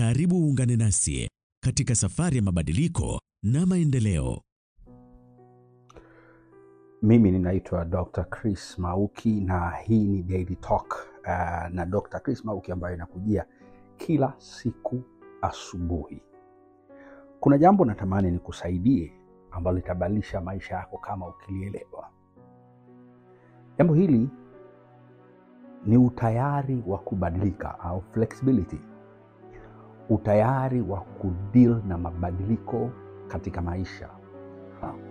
Karibu uungane nasi katika safari ya mabadiliko na maendeleo. Mimi ninaitwa Dr. Chris Mauki na hii ni Daily Talk uh, na Dr. Chris Mauki ambayo inakujia kila siku asubuhi. Kuna jambo natamani nikusaidie ambalo litabadilisha maisha yako kama ukilielewa. Jambo hili ni utayari wa kubadilika au flexibility utayari wa kudil na mabadiliko katika maisha.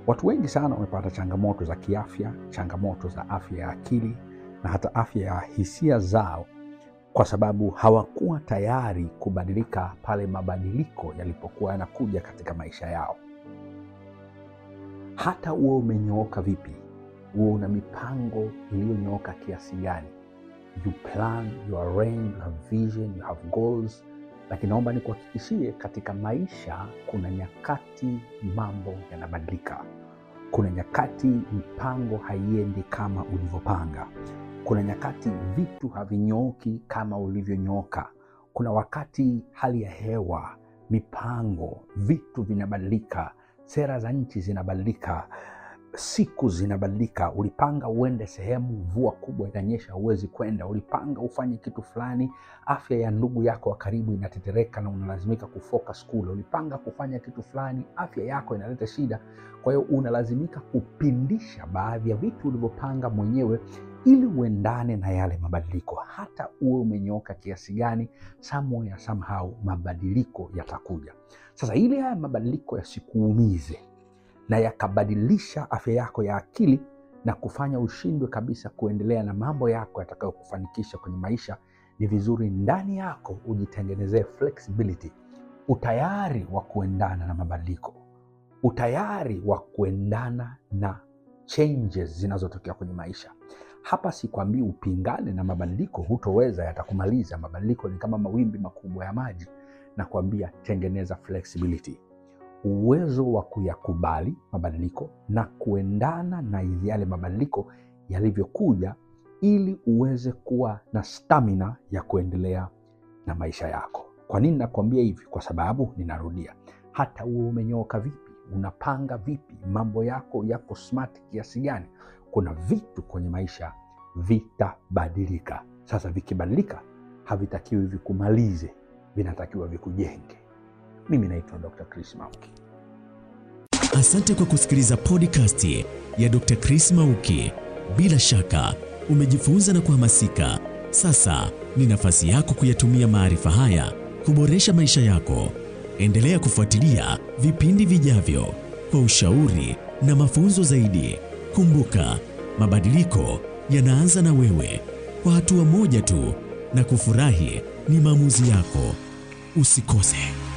Watu wengi sana wamepata changamoto za kiafya, changamoto za afya ya akili na hata afya ya hisia zao, kwa sababu hawakuwa tayari kubadilika pale mabadiliko yalipokuwa yanakuja katika maisha yao. Hata huwe umenyooka vipi, uwe una mipango iliyonyooka kiasi gani, you plan, you arrange, you have vision, you have goals lakini naomba nikuhakikishie, katika maisha kuna nyakati mambo yanabadilika. Kuna nyakati mipango haiendi kama ulivyopanga. Kuna nyakati vitu havinyooki kama ulivyonyooka. Kuna wakati hali ya hewa, mipango, vitu vinabadilika, sera za nchi zinabadilika siku zinabadilika. Ulipanga uende sehemu, mvua kubwa inanyesha, huwezi kwenda. Ulipanga ufanye kitu fulani, afya ya ndugu yako wa karibu inatetereka na unalazimika kufocus kule. Ulipanga kufanya kitu fulani, afya yako inaleta shida, kwa hiyo unalazimika kupindisha baadhi ya vitu ulivyopanga mwenyewe ili uendane na yale mabadiliko. Hata uwe umenyooka kiasi gani, samoya samhau mabadiliko yatakuja. Sasa ili haya mabadiliko yasikuumize na yakabadilisha afya yako ya akili na kufanya ushindwe kabisa kuendelea na mambo yako yatakayokufanikisha kwenye maisha, ni vizuri ndani yako ujitengenezee flexibility, utayari wa kuendana na mabadiliko, utayari wa kuendana na changes zinazotokea kwenye maisha. Hapa sikwambii upingane na mabadiliko, hutoweza, yatakumaliza. Mabadiliko ni kama mawimbi makubwa ya maji, na kuambia tengeneza flexibility uwezo wa kuyakubali mabadiliko na kuendana na yale mabadiliko yalivyokuja, ili uweze kuwa na stamina ya kuendelea na maisha yako. Kwa nini nakuambia hivi? Kwa sababu ninarudia, hata huo umenyoka vipi, unapanga vipi, mambo yako yako smart kiasi gani, kuna vitu kwenye maisha vitabadilika. Sasa vikibadilika, havitakiwi vikumalize, vinatakiwa vikujenge. Mimi naitwa Dr. Chris Mauki. Asante kwa kusikiliza podcast ya Dr. Chris Mauki. Bila shaka umejifunza na kuhamasika. Sasa ni nafasi yako kuyatumia maarifa haya kuboresha maisha yako. Endelea kufuatilia vipindi vijavyo kwa ushauri na mafunzo zaidi. Kumbuka, mabadiliko yanaanza na wewe, kwa hatua moja tu, na kufurahi ni maamuzi yako. Usikose.